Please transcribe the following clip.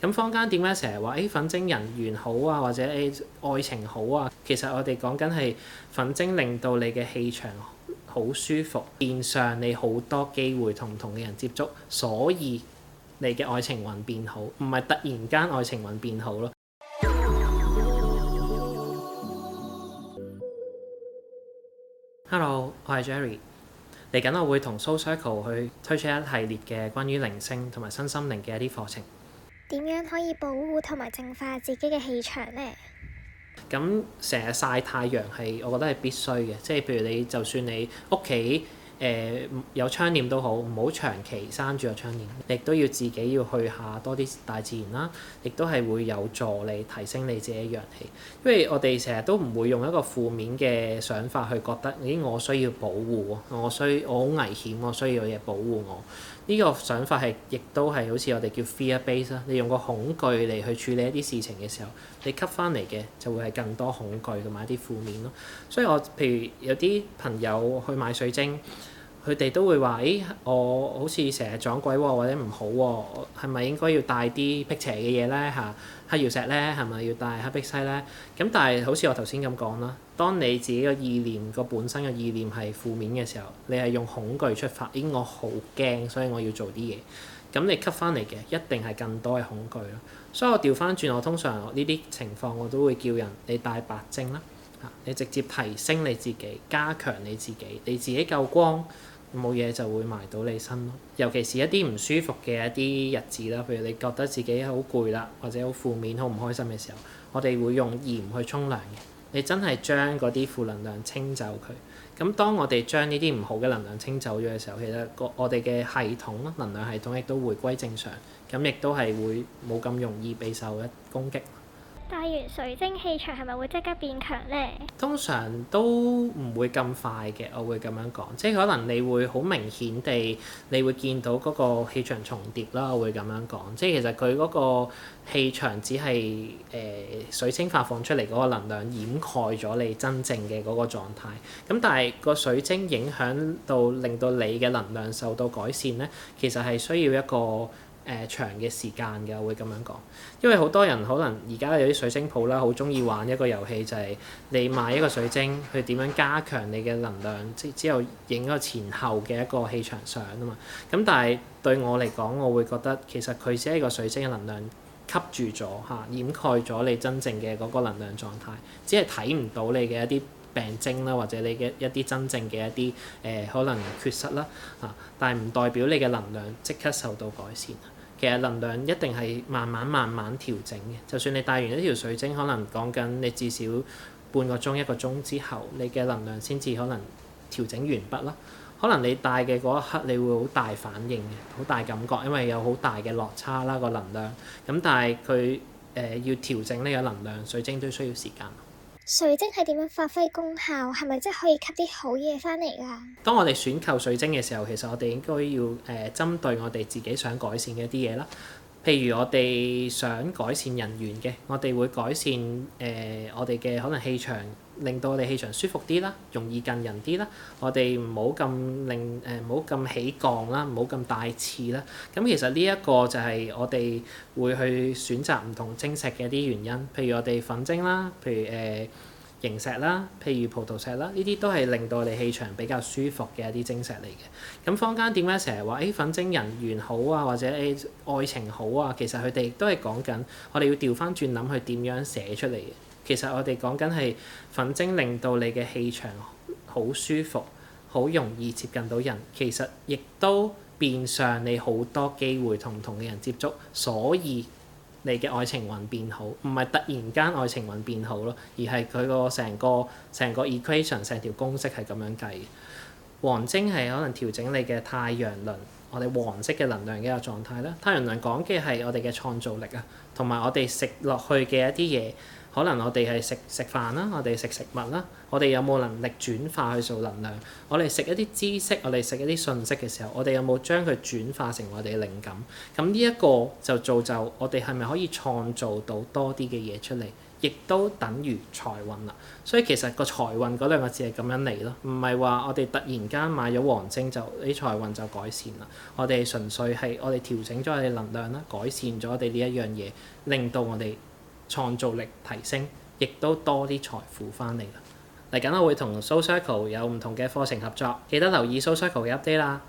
咁坊間點解成日話誒粉晶人緣好啊，或者誒、哎、愛情好啊。其實我哋講緊係粉晶令到你嘅氣場好舒服，變相你好多機會同唔同嘅人接觸，所以你嘅愛情運變好，唔係突然間愛情運變好咯。Hello，我係 Jerry。嚟緊我會同 Soul Circle 去推出一系列嘅關於靈性同埋身心靈嘅一啲課程。點樣可以保護同埋淨化自己嘅氣場呢？咁成日曬太陽，係我覺得係必須嘅，即係譬如你就算你屋企。誒、呃、有窗簾都好，唔好長期閂住個窗簾，亦都要自己要去下多啲大自然啦。亦都係會有助你提升你自己嘅陽氣，因為我哋成日都唔會用一個負面嘅想法去覺得，咦？我需要保護，我需我好危險，我需要有嘢保護我。呢、這個想法係亦都係好似我哋叫 fear base 啦。你用個恐懼嚟去處理一啲事情嘅時候，你吸翻嚟嘅就會係更多恐懼同埋一啲負面咯。所以我譬如有啲朋友去買水晶。佢哋都會話：誒、欸，我好似成日撞鬼喎，或者唔好喎，係咪應該要帶啲辟邪嘅嘢咧？嚇，黑曜石咧，係咪要帶黑碧璽咧？咁但係好似我頭先咁講啦，當你自己個意念個本身嘅意念係負面嘅時候，你係用恐懼出發，咦，我好驚，所以我要做啲嘢。咁你吸翻嚟嘅一定係更多嘅恐懼咯。所以我調翻轉，我通常呢啲情況我都會叫人你帶白晶啦。你直接提升你自己，加強你自己，你自己夠光，冇嘢就會埋到你身咯。尤其是一啲唔舒服嘅一啲日子啦，譬如你覺得自己好攰啦，或者好負面、好唔開心嘅時候，我哋會用鹽去沖涼嘅。你真係將嗰啲負能量清走佢。咁當我哋將呢啲唔好嘅能量清走咗嘅時候，其實個我哋嘅系統咯，能量系統亦都回歸正常。咁亦都係會冇咁容易被受一攻擊。戴完水晶氣場係咪會即刻變強咧？通常都唔會咁快嘅，我會咁樣講，即係可能你會好明顯地，你會見到嗰個氣場重疊啦，我會咁樣講，即係其實佢嗰個氣場只係誒、呃、水晶發放出嚟嗰個能量掩蓋咗你真正嘅嗰個狀態。咁但係個水晶影響到令到你嘅能量受到改善咧，其實係需要一個誒、呃、長嘅時間㗎，我會咁樣講，因為好多人可能而家有啲水晶鋪啦，好中意玩一個遊戲就係你買一個水晶，去點樣加強你嘅能量，即之後影一個前後嘅一個氣場相啊嘛。咁但係對我嚟講，我會覺得其實佢只係個水晶嘅能量吸住咗嚇，掩蓋咗你真正嘅嗰個能量狀態，只係睇唔到你嘅一啲病徵啦，或者你嘅一啲真正嘅一啲誒、呃、可能缺失啦嚇、啊，但係唔代表你嘅能量即刻受到改善。其實能量一定係慢慢慢慢調整嘅，就算你戴完一條水晶，可能講緊你至少半個鐘一個鐘之後，你嘅能量先至可能調整完畢咯。可能你戴嘅嗰一刻，你會好大反應嘅，好大感覺，因為有好大嘅落差啦個能量。咁但係，佢誒要調整呢個能量，水晶都需要時間。水晶係點樣發揮功效？係咪真係可以吸啲好嘢翻嚟㗎？當我哋選購水晶嘅時候，其實我哋應該要誒，針對我哋自己想改善嘅一啲嘢啦。譬如我哋想改善人緣嘅，我哋會改善誒、呃、我哋嘅可能氣場，令到我哋氣場舒服啲啦，容易近人啲啦。我哋唔好咁令誒，唔好咁起降啦，唔好咁大刺啦。咁其實呢一個就係我哋會去選擇唔同晶石嘅一啲原因，譬如我哋粉晶啦，譬如誒。呃形石啦，譬如葡萄石啦，呢啲都係令到你氣場比較舒服嘅一啲晶石嚟嘅。咁坊間點解成日話誒粉晶人緣好啊，或者誒、哎、愛情好啊？其實佢哋都係講緊我哋要調翻轉諗去點樣寫出嚟嘅。其實我哋講緊係粉晶令到你嘅氣場好舒服，好容易接近到人，其實亦都變相你好多機會同同嘅人接觸。所以。你嘅愛情運變好，唔係突然間愛情運變好咯，而係佢個成個成個 equation，成條公式係咁樣計。黃晶係可能調整你嘅太陽輪，我哋黃色嘅能量嘅一個狀態啦。太陽輪講嘅係我哋嘅創造力啊，同埋我哋食落去嘅一啲嘢。可能我哋係食食飯啦，我哋食食物啦，我哋有冇能力轉化去做能量？我哋食一啲知識，我哋食一啲信息嘅時候，我哋有冇將佢轉化成我哋嘅靈感？咁呢一個就造就我哋係咪可以創造到多啲嘅嘢出嚟？亦都等於財運啦。所以其實個財運嗰兩個字係咁樣嚟咯，唔係話我哋突然間買咗黃晶就啲財運就改善啦。我哋純粹係我哋調整咗我哋能量啦，改善咗我哋呢一樣嘢，令到我哋，創造力提升，亦都多啲財富返嚟。嚟緊我會同 Soul Circle 有唔同嘅課程合作，記得留意 Soul Circle 嘅 update 啦。